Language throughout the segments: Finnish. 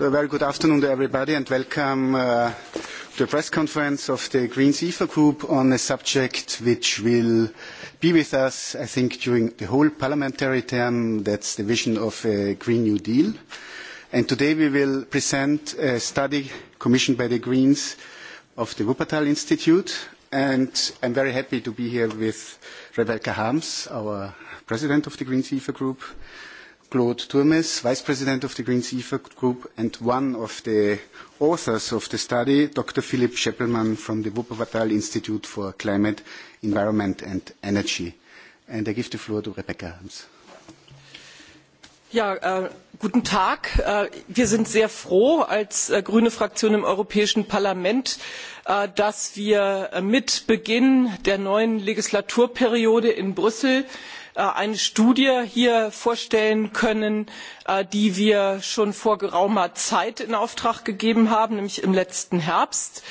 a very good afternoon to everybody, and welcome uh, to the press conference of the Greens IFA Group on a subject which will be with us, I think, during the whole parliamentary term. That's the vision of a Green New Deal. today we will present a study commissioned by the Greens of the Wuppertal Institute. I'm very happy to be here with Rebecca Harms, our president of the Greens IFA Group, Claude Turmes, Vice President of the Greens EFA Group and one of the authors of the study, Dr. Philip Scheppelmann from the Wuppertal Institute for Climate, Environment and Energy. And I give the floor to Rebecca Harms. Äh, guten tag! Äh, wir sind sehr froh als äh, grüne fraktion im europäischen parlament dass wir mit beginn der neuen legislaturperiode in brüssel eine studie hier vorstellen können die wir schon vor geraumer zeit in auftrag gegeben haben nämlich im letzten herbst.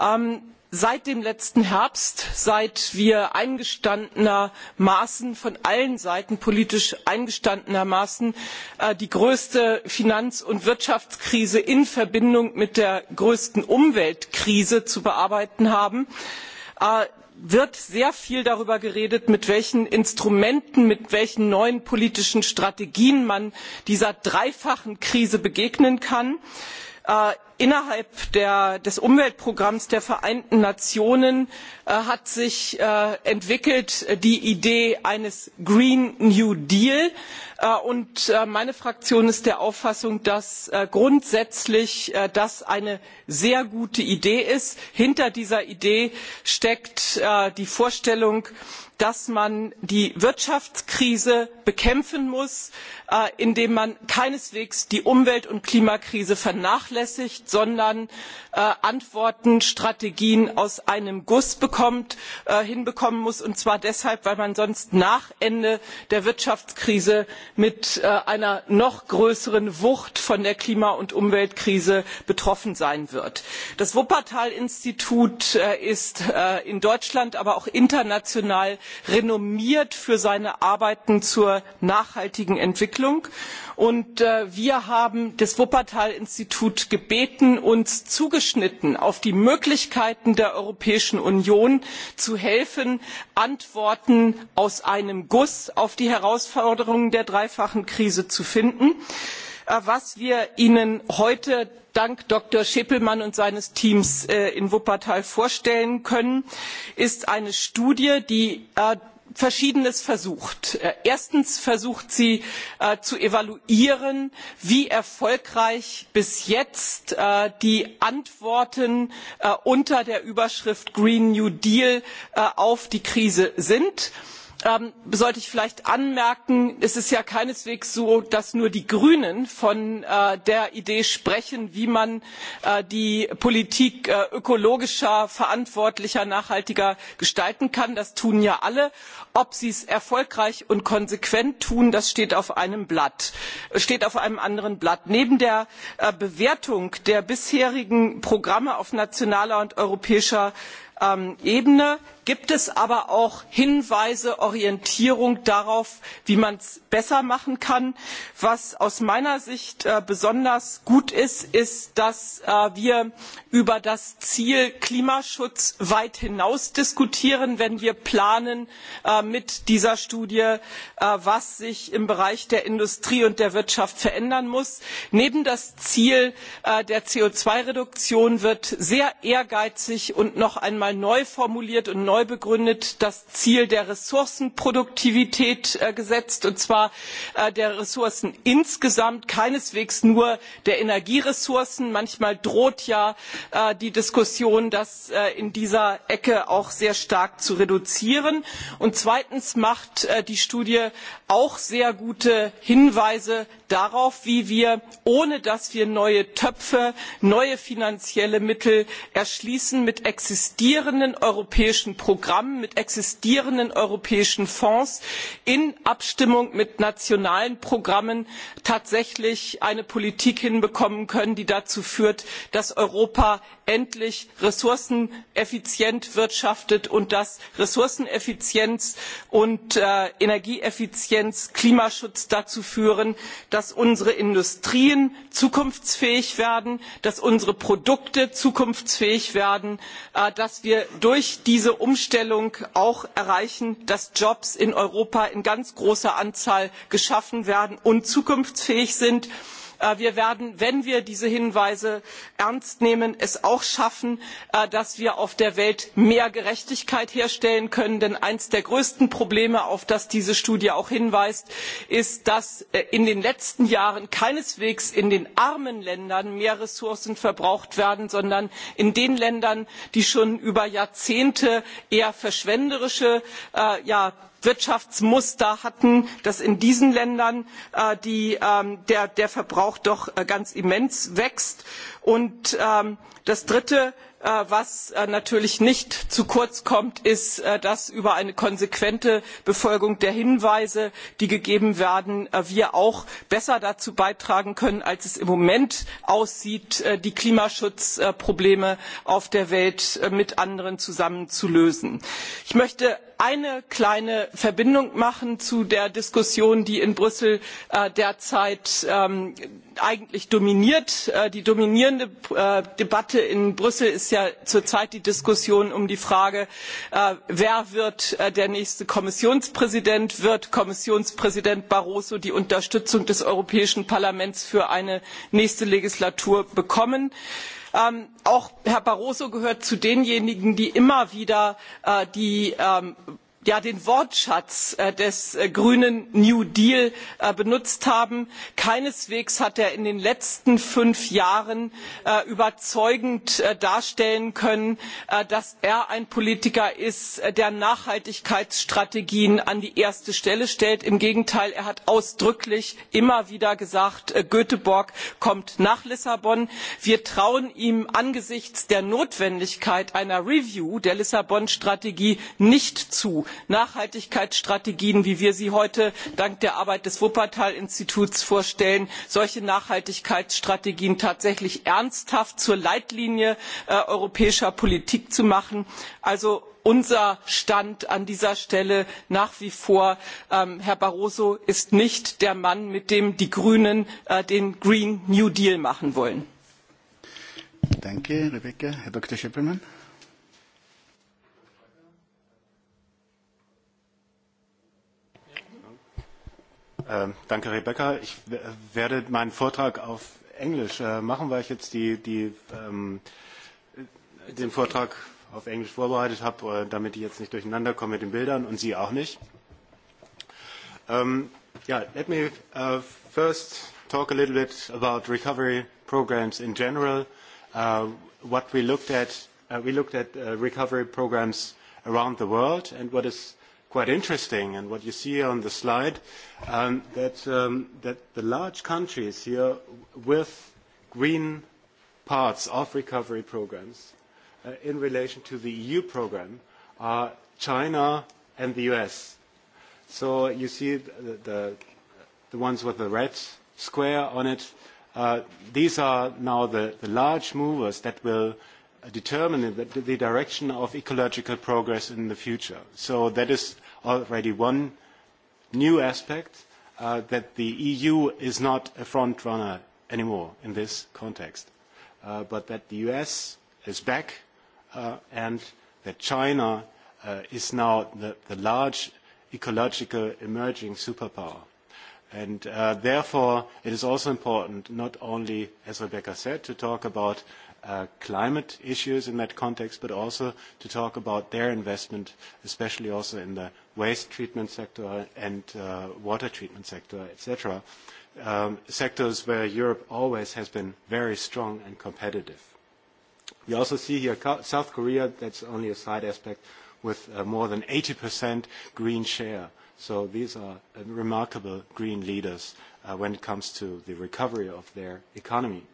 Ähm, seit dem letzten herbst seit wir eingestandenermaßen von allen seiten politisch eingestandenermaßen äh, die größte finanz und wirtschaftskrise in verbindung mit der größten umweltkrise zu bearbeiten haben äh, wird sehr viel darüber geredet mit welchen instrumenten mit welchen neuen politischen strategien man dieser dreifachen krise begegnen kann. Äh, innerhalb des umweltprogramms der vereinten nationen äh, hat sich äh, entwickelt die idee eines green new deal entwickelt äh, und meine fraktion ist der auffassung dass das grundsätzlich eine sehr gute idee ist. hinter dieser idee steckt die vorstellung dass man die wirtschaftskrise bekämpfen muss indem man keineswegs die umwelt und klimakrise vernachlässigt sondern Äh, antworten strategien aus einem guss bekommt, äh, hinbekommen muss und zwar deshalb weil man sonst nach ende der wirtschaftskrise mit äh, einer noch größeren wucht von der klima und umweltkrise betroffen sein wird. das wuppertal institut ist in deutschland aber auch international renommiert für seine arbeiten zur nachhaltigen entwicklung und wir haben das wuppertal institut gebeten uns zugeschnitten auf die möglichkeiten der europäischen union zu helfen antworten aus einem guss auf die herausforderungen der dreifachen krise zu finden äh, was wir ihnen heute dank dr. schäpelmann und seines teams äh, in wuppertal vorstellen können ist eine studie die äh, verschiedenes versucht. Äh, erstens versucht sie äh, zu evaluieren wie erfolgreich bis jetzt äh, die antworten unter der überschrift green new deal auf die krise sind Ähm, sollte ich vielleicht anmerken es ist ja keineswegs so dass nur die grünen von äh, der idee sprechen wie man äh, die politik äh, ökologischer verantwortlicher nachhaltiger gestalten kann das tun ja alle. ob sie es erfolgreich und konsequent tun das steht auf einem anderen blatt. neben der bewertung der bisherigen programme auf nationaler und europäischer Ähm, ebene gibt es aber auch hinweise orientierung darauf wie man es besser machen kann. was aus meiner sicht äh, besonders gut ist ist dass äh, wir über das ziel klimaschutz weit hinaus diskutieren wenn wir äh, mit dieser studie planen was sich im bereich der industrie und der wirtschaft verändern muss. neben das ziel der co zwei reduktion wird sehr ehrgeizig und noch einmal neu formuliert und neu begründet das ziel der ressourcenproduktivität äh, gesetzt und zwar äh, der ressourcen insgesamt keineswegs nur der energieressourcen. manchmal droht ja äh, die diskussion das in dieser ecke auch sehr stark zu reduzieren. und zweitens macht die studie auch sehr gute hinweise darauf wie wir ohne dass wir neue töpfe neue finanzielle mittel erschließen mit existierenden europäischen programmen mit existierenden europäischen fonds in abstimmung mit nationalen programmen tatsächlich eine politik hinbekommen können die dazu führt dass europa endlich ressourceneffizient wirtschaftet und dass ressourceneffizienz und äh, energieeffizienz klimaschutz dazu führen dass unsere industrien zukunftsfähig werden dass unsere produkte zukunftsfähig werden äh, dass wir durch diese umstellung auch erreichen dass jobs in europa in ganz großer anzahl geschaffen werden und zukunftsfähig sind Äh, wir werden wenn wir diese hinweise ernst nehmen es auch schaffen äh, dass wir auf der welt mehr gerechtigkeit herstellen können denn eines der größten probleme auf das diese studie auch hinweist ist dass äh, in den letzten jahren keineswegs in den armen ländern mehr ressourcen verbraucht werden sondern in den ländern die schon über jahrzehnte eher verschwenderische ja wirtschaftsmuster hatten dass in diesen ländern äh, ähm, der, der verbrauch doch äh, ganz immens wächst. und ähm, das dritte Äh, was äh, natürlich nicht zu kurz kommt ist äh, dass wir über eine konsequente befolgung der hinweise die gegeben werden auch besser dazu beitragen können als es im moment aussieht die klimaschutzprobleme auf der welt mit anderen zusammen zu lösen. ich möchte eine kleine verbindung machen zu der diskussion die in brüssel derzeit ähm, eigentlich dominiert. die dominierende debatte in brüssel ist ja zurzeit die diskussion um die frage äh, wer wird äh, der nächste kommissionspräsident? wird kommissionspräsident barroso die unterstützung des europäischen parlaments für eine nächste legislatur bekommen? Ähm, auch herr barroso gehört zu denjenigen die immer wieder äh, die ähm, den wortschatz äh, des äh, grünen new deal äh, benutzt haben keineswegs hat er in den letzten fünf jahren überzeugend darstellen können dass er ein politiker ist der nachhaltigkeitsstrategien an die erste stelle stellt. im gegenteil er hat ausdrücklich immer wieder gesagt göteborg kommt nach lissabon. wir trauen ihm angesichts der notwendigkeit einer review der lissabon strategie nicht zu nachhaltigkeitsstrategien wie wir sie heute dank der arbeit des wuppertal instituts vorstellen solche nachhaltigkeitsstrategien tatsächlich ernsthaft zur leitlinie äh, europäischer politik zu machen. also unser stand an dieser stelle nach wie vor ähm, herr barroso ist nicht der mann mit dem die grünen äh, den green new deal machen wollen. Danke, Rebecca. Herr Dr. Schipperman. Uh, danke, Rebecca. Ich werde meinen Vortrag auf Englisch uh, machen, weil ich jetzt die, die, um, den Vortrag auf Englisch vorbereitet habe, äh, damit ich jetzt nicht durcheinander komme mit den Bildern und Sie auch nicht. Um, ähm, yeah, let me uh, first talk a little bit about recovery programs in general. Uh, what we looked at, uh, we looked at uh, recovery programs around the world and what is quite interesting. And what you see on the slide, um, that, um, that the large countries here with green parts of recovery programs uh, in relation to the EU program are China and the US. So you see the, the, the ones with the red square on it. Uh, these are now the, the large movers that will Uh, determine the, the direction of ecological progress in the future. So that is already one new aspect uh, that the EU is not a front runner anymore in this context, uh, but that the US is back uh, and that China uh, is now the, the large ecological emerging superpower. And uh, therefore, it is also important not only, as Rebecca said, to talk about uh, uh, climate issues in that context, but also to talk about their investment, especially also in the waste treatment sector and uh, water treatment sector, etc., um, sectors where Europe always has been very strong and competitive. We also see here South Korea, that's only a side aspect, with uh, more than 80% green share. So these are uh, remarkable green leaders uh, when it comes to the recovery of their economy.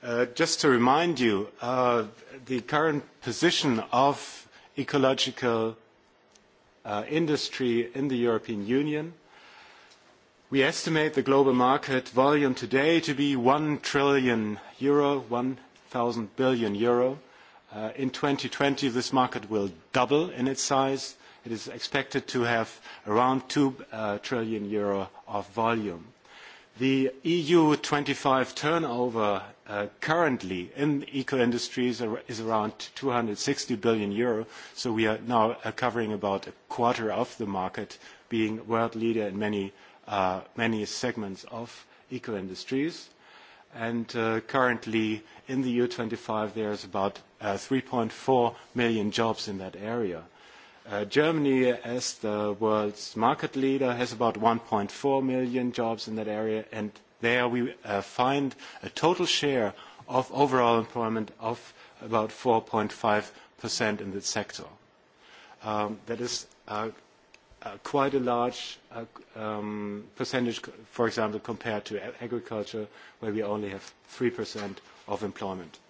Uh, just to remind you, uh, the current position of ecological uh, industry in the European Union, we estimate the global market volume today to be 1 trillion euro, 1,000 billion euro. Uh, in 2020, this market will double in its size. It is expected to have around 2 uh, trillion euro of volume. The EU 25 turnover uh, currently in eco-industries is around 260 billion euro, so we are now uh, covering about a quarter of the market, being world leader in many, uh, many segments of eco-industries. And Currently in the EU 25, there's about 3.4 million jobs in that area. Uh, Germany, as the world's market leader, has about 1.4 million jobs in that area, and there we uh, find a total share of overall employment of about 4.5% in that sector. Um, that is uh, uh quite a large uh, um, percentage, for example, compared to agriculture, where we only have 3% of employment.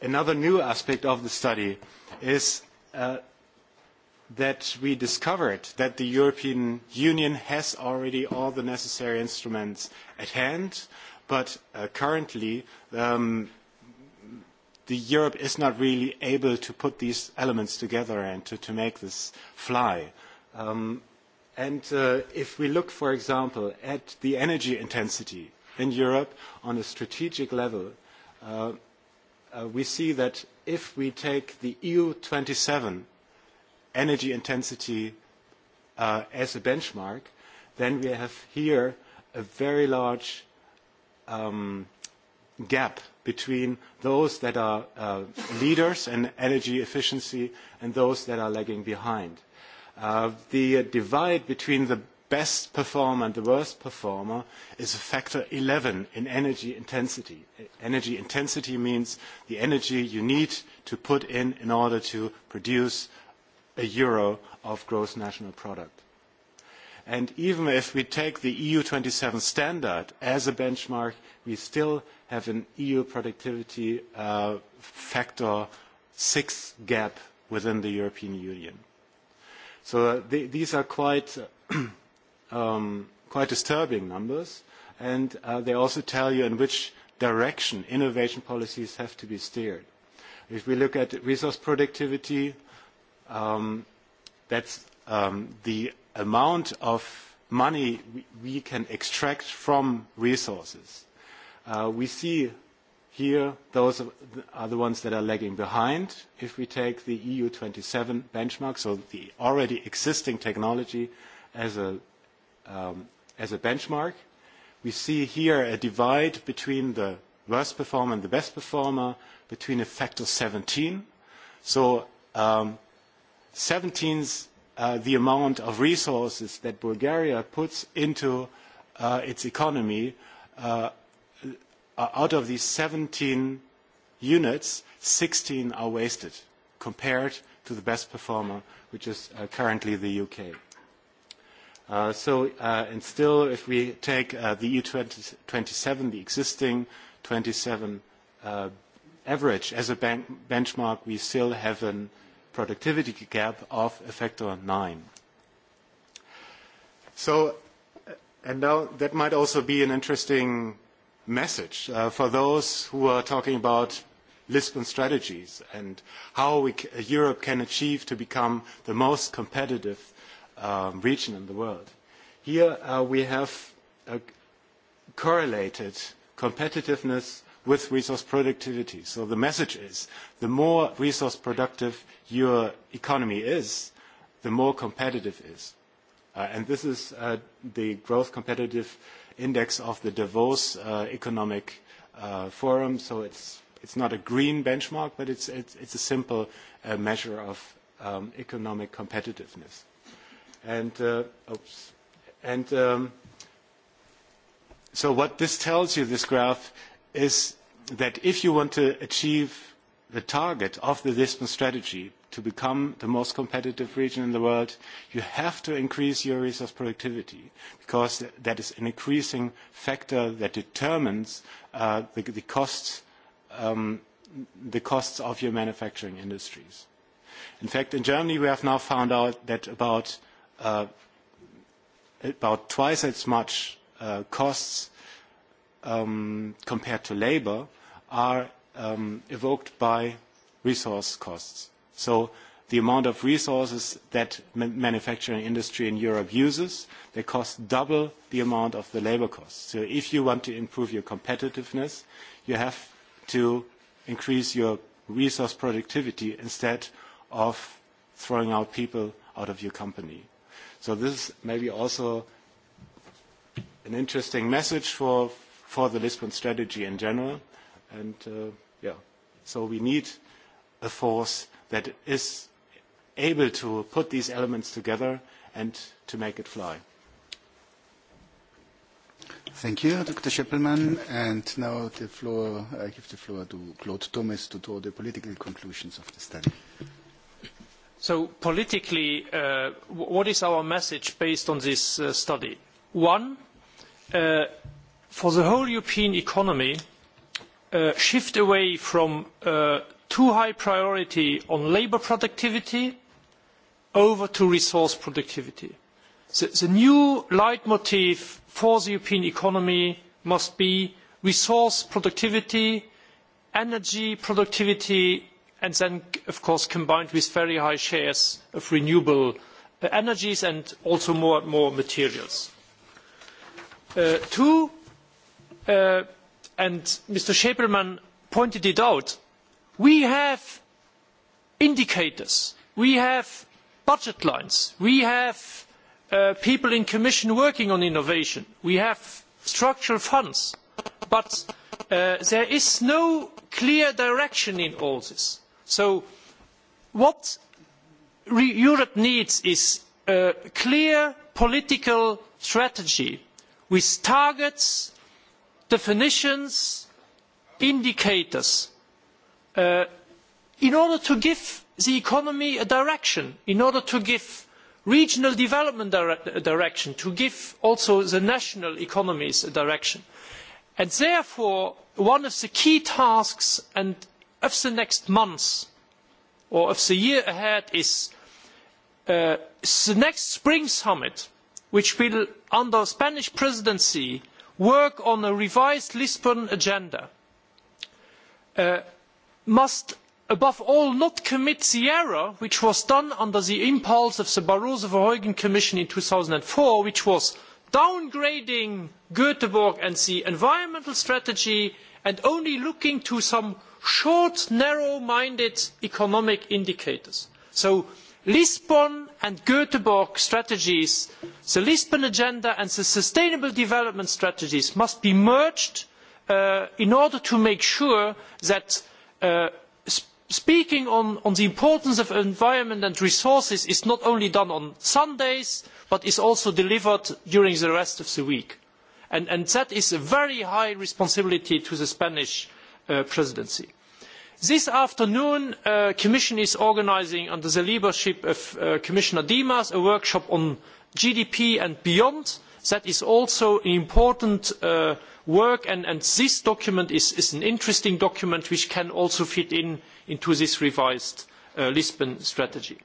Another new aspect of the study is Uh, that we discovered that the European Union has already all the necessary instruments at hand, but uh, currently um, the Europe is not really able to put these elements together and to, to make this fly. Um, and uh, if we look, for example, at the energy intensity in Europe on a strategic level, uh, Uh, we see that if we take the EU 27 energy intensity uh, as a benchmark, then we have here a very large um, gap between those that are uh, leaders in energy efficiency and those that are lagging behind. Uh, the uh, divide between the best performer and the worst performer is a factor 11 in energy intensity. Energy intensity means the energy you need to put in in order to produce a euro of gross national product. And even if we take the EU27 standard as a benchmark, we still have an EU productivity uh, factor six gap within the European Union. So uh, these are quite um, quite disturbing numbers, and uh, they also tell you in which direction innovation policies have to be steered. If we look at resource productivity, um, that's um, the amount of money we can extract from resources. Uh, we see here those are the ones that are lagging behind. If we take the EU27 benchmark, so the already existing technology as a Um, as a benchmark. We see here a divide between the worst performer and the best performer between a factor 17. So um, 17 is uh, the amount of resources that Bulgaria puts into uh, its economy. Uh, out of these 17 units, 16 are wasted compared to the best performer, which is uh, currently the UK. Uh, so, uh, and still, if we take uh, the EU 20, 27, the existing 27 uh, average as a ben benchmark, we still have a productivity gap of a factor of nine. So, uh, and now that might also be an interesting message uh, for those who are talking about Lisbon strategies and how we, Europe can achieve to become the most competitive Um, region in the world. Here uh, we have correlated competitiveness with resource productivity. So the message is the more resource productive your economy is, the more competitive it is. Uh, and this is uh, the growth competitive index of the Davos uh, Economic uh, Forum. So it's, it's not a green benchmark, but it's, it's, it's a simple uh, measure of um, economic competitiveness. And, uh, oops. and um, so what this tells you, this graph, is that if you want to achieve the target of the Lisbon strategy to become the most competitive region in the world, you have to increase your resource productivity because that is an increasing factor that determines uh, the, the, costs, um, the costs of your manufacturing industries. In fact, in Germany, we have now found out that about Uh, about twice as much uh, costs um, compared to labor are um, evoked by resource costs. So the amount of resources that manufacturing industry in Europe uses, they cost double the amount of the labor costs. So if you want to improve your competitiveness, you have to increase your resource productivity instead of throwing out people out of your company. So this is maybe also an interesting message for, for the Lisbon strategy in general. And uh, yeah, so we need a force that is able to put these elements together and to make it fly. Thank you, Dr. Scheppelmann. And now the floor, I give the floor to Claude Thomas to draw the political conclusions of the study. So politically, uh, what is our message based on this uh, study? One, uh, for the whole European economy, uh, shift away from uh, too high priority on labour productivity over to resource productivity. The, the new leitmotif for the European economy must be resource productivity, energy productivity and then, of course, combined with very high shares of renewable uh, energies and also more and more materials. Uh, two, uh, and Mr. Schäpelmann pointed it out, we have indicators, we have budget lines, we have people in commission working on innovation, we have structural funds, but there is no clear direction in all this So what Europe needs is a clear political strategy with targets, definitions, indicators, uh, in order to give the economy a direction, in order to give regional development dire a direction, to give also the national economies a direction. And therefore, one of the key tasks and of the next months or of the year ahead is uh, the next spring summit, which will, under Spanish presidency, work on a revised Lisbon agenda, uh, must above all not commit the error which was done under the impulse of the Barroso-Verheugen Commission in 2004, which was downgrading Göteborg and the environmental strategy and only looking to some short, narrow-minded economic indicators. So Lisbon and Göteborg strategies, the Lisbon agenda and the sustainable development strategies must be merged uh, in order to make sure that uh, speaking on, the importance of environment and resources is not only done on sundays but is also delivered during the rest of the week and, that is a very high responsibility to the spanish uh, presidency. this afternoon the uh, commission is organising under the leadership of uh, commissioner dimas a workshop on gdp and beyond That is also important uh, work, and, this document is, an interesting document which can also fit in into this revised uh, Lisbon strategy.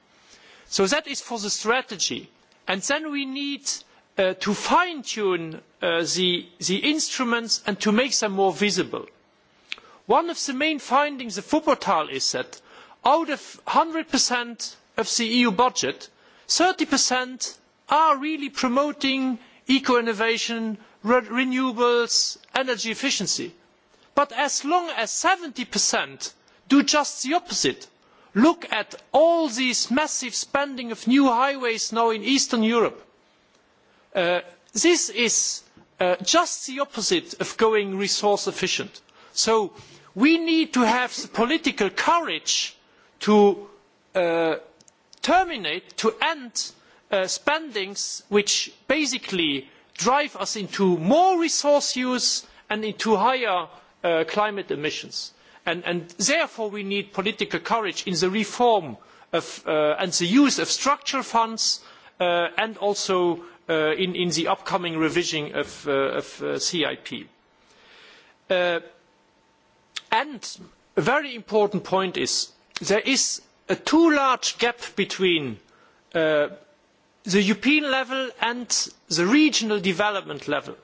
So that is for the strategy. And then we need uh, to fine-tune uh, the, the instruments and to make them more visible. One of the main findings of Wuppertal is that out of 100% of the EU budget, 30% are really promoting eco innovation re renewables energy efficiency but as long as 70% do just the opposite look at all this massive spending of new highways now in eastern europe uh, this is uh, just the opposite of going resource efficient so we need to have the political courage to uh, terminate to end Uh, Spending, which basically drive us into more resource use and into higher uh, climate emissions. And, and therefore we need political courage in the reform of, uh, and the use of structural funds uh, and also uh, in, in the upcoming revision of, uh, of uh, CIP. Uh, and a very important point is there is a too large gap between uh, the European level and the regional development level,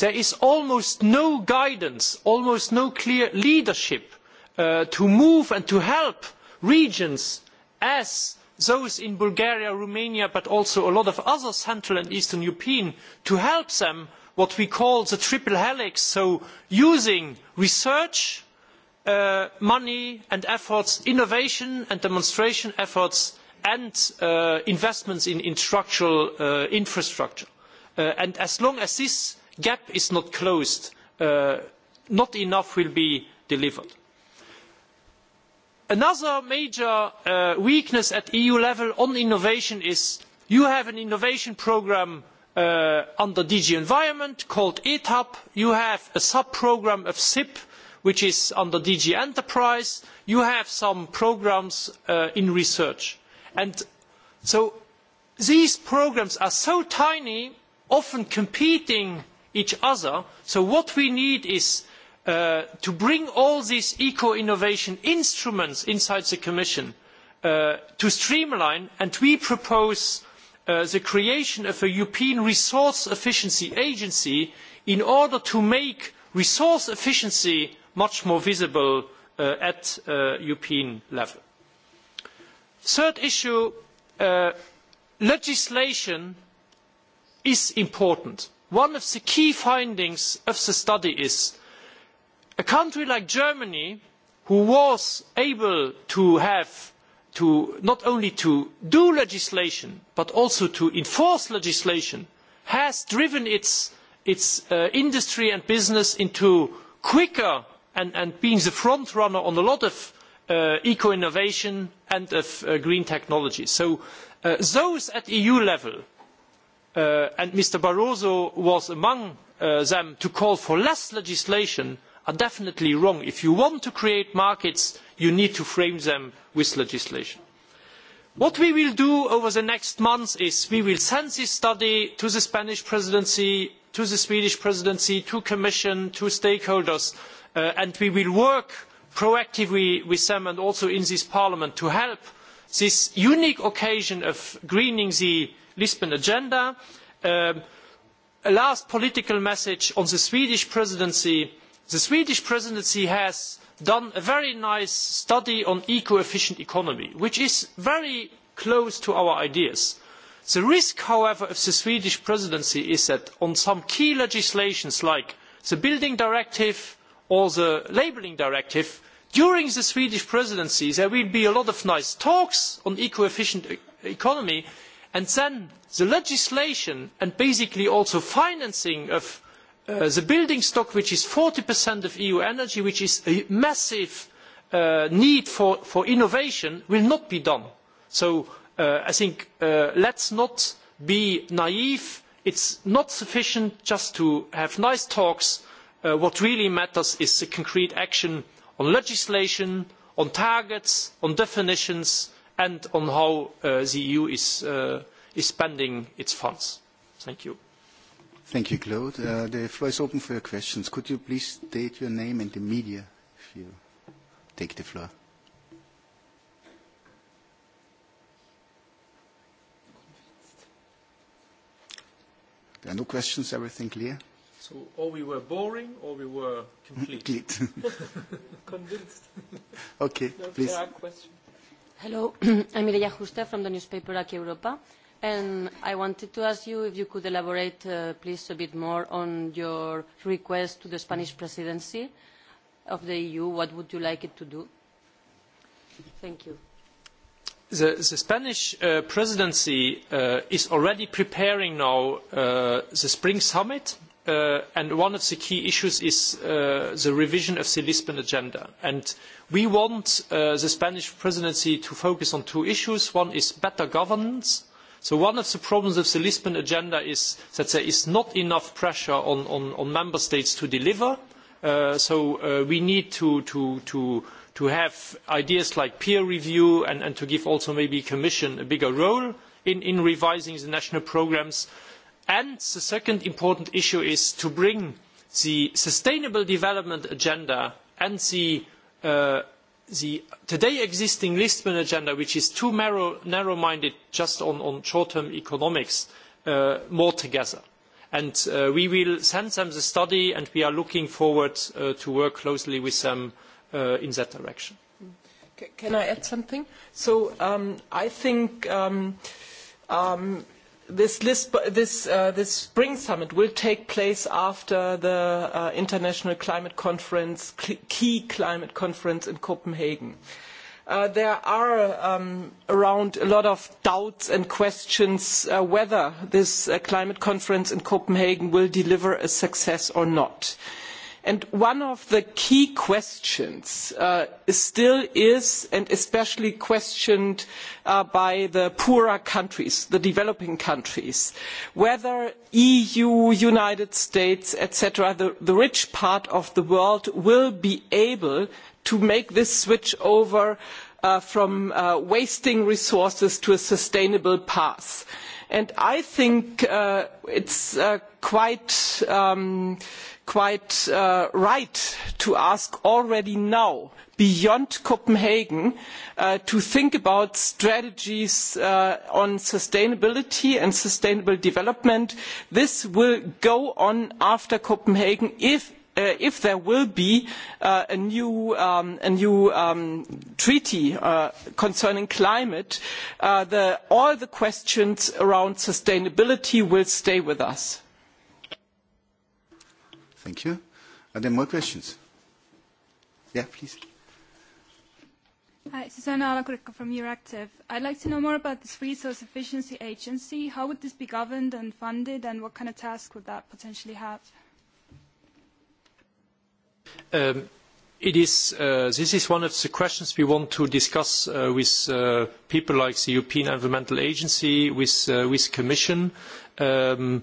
there is almost no guidance, almost no clear leadership uh, to move and to help regions as those in Bulgaria, Romania, but also a lot of other Central and Eastern European, to help them what we call the triple helix, so using research, uh, money and efforts, innovation and demonstration efforts and uh, investments in, in structural uh, infrastructure. Uh, and as long as this gap is not closed, uh, not enough will be delivered. Another major uh, weakness at EU level on innovation is you have an innovation programme uh, under DG Environment called ETAP. You have a sub-programme of SIP, which is under DG Enterprise. You have some programmes in research And so these programs are so tiny, often competing each other. So what we need is uh, to bring all these eco-innovation instruments inside the Commission uh, to streamline, and we propose uh, the creation of a European Resource Efficiency Agency in order to make resource efficiency much more visible uh, at uh, European level third issue uh, legislation is important. one of the key findings of the study is that a country like germany who was able to have to not only to do legislation but also to enforce legislation has driven its, its uh, industry and business into quicker and, and being the front runner on a lot of uh, eco innovation and of uh, green technology. So uh, those at EU level, uh, and Mr Barroso was among uh, them to call for less legislation, are definitely wrong. If you want to create markets, you need to frame them with legislation. What we will do over the next months is we will send this study to the Spanish presidency, to the Swedish presidency, to Commission, to stakeholders, uh, and we will work proactively we summoned also in this parliament to help this unique occasion of greening the Lisbon agenda. Um, a last political message on the Swedish presidency. The Swedish presidency has done a very nice study on eco-efficient economy, which is very close to our ideas. The risk, however, of the Swedish presidency is that on some key legislations like the Building Directive or the Labelling Directive, during the swedish presidency there will be a lot of nice talks on eco efficient e-, economy and then the legislation and basically also financing of uh, the building stock which is 40% of eu energy which is a massive uh, need for, for innovation will not be done so uh, i think uh, let's not be naive it's not sufficient just to have nice talks uh, what really matters is the concrete action uh, on legislation, on targets, on definitions, and on how uh, the EU is, uh, is spending its funds. Thank you. Thank you, Claude. Uh, the floor is open for your questions. Could you please state your name and the media if you take the floor? There are no questions, everything clear? So or we were boring or we were complete. complete. Convinced. Okay, no, please. There Hello, I'm Mireia Juste from the newspaper Aki Europa. And I wanted to ask you if you could elaborate, uh, please, a bit more on your request to the Spanish presidency of the EU. What would you like it to do? Thank you. The, the Spanish uh, presidency uh, is already preparing now uh, the spring summit uh, and one of the key issues is uh, the revision of the Lisbon agenda. And we want uh, the Spanish presidency to focus on two issues. One is better governance. So one of the problems of the Lisbon agenda is that there is not enough pressure on, on, on member states to deliver. Uh, so uh, we need to, to, to, to have ideas like peer review and, and to give also maybe Commission a bigger role in, in revising the national programs and the second important issue is to bring the sustainable development agenda and the, uh, the today existing Lisbon agenda, which is too narrow-minded just on, on short-term economics, uh, more together. And uh, we will send them the study, and we are looking forward uh, to work closely with them uh, in that direction. Can I add something? So um, I think um, um, this, Lisp this, uh, this spring summit will take place after the uh, international climate conference, key climate conference in Copenhagen. Uh, there are um, around a lot of doubts and questions uh, whether this uh, climate conference in Copenhagen will deliver a success or not. Uh, And one of the key questions uh, still is and especially questioned uh, by the poorer countries the developing countries whether eu united states etc. The, rich part of the world will be able to make this switch over uh, from wasting resources to a sustainable path and i think it uh, it's uh, quite um, quite uh, right to ask already now beyond copenhagen to think about strategies on sustainability and sustainable development this will go on after copenhagen if Uh, if there will be uh, a new, um, a new um, treaty uh, concerning climate the, all the questions around sustainability will stay with us. Thank you. Are there more questions? Yeah, please. Hi, Susanna Alakurika from Euractiv. I'd like to know more about this Resource Efficiency Agency. How would this be governed and funded, and what kind of task would that potentially have? Um, it is, uh, this is one of the questions we want to discuss uh, with uh, people like the European Environmental Agency, with, uh, with Commission. Um,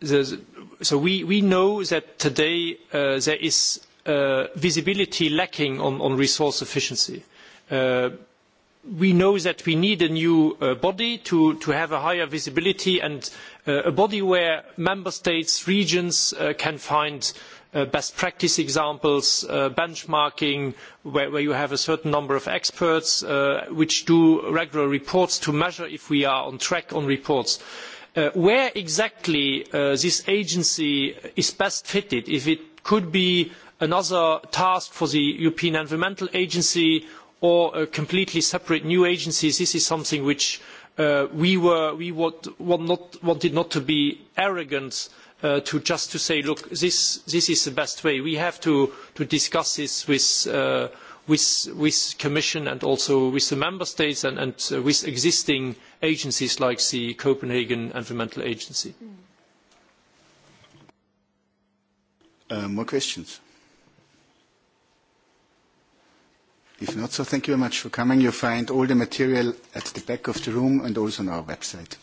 so we, we know that today uh, there is uh, visibility lacking on, on resource efficiency. Uh, we know that we need a new uh, body to, to have a higher visibility and uh, a body where member states, regions uh, can find Uh, best practice examples, uh, benchmarking, where, where, you have a certain number of experts uh, which do regular reports to measure if we are on track on reports. Uh, where exactly uh, this agency is best fitted, if it could be another task for the European Environmental Agency or a completely separate new agency, this is something which we, were, we would, would not, wanted not to be arrogant Uh, to just to say, look, this, this is the best way. We have to, to discuss this with, uh, with, with Commission and also with the Member States and, and uh, with existing agencies like the Copenhagen Environmental Agency. Uh, more questions? If not, so thank you very much for coming. You'll find all the material at the back of the room and also on our website.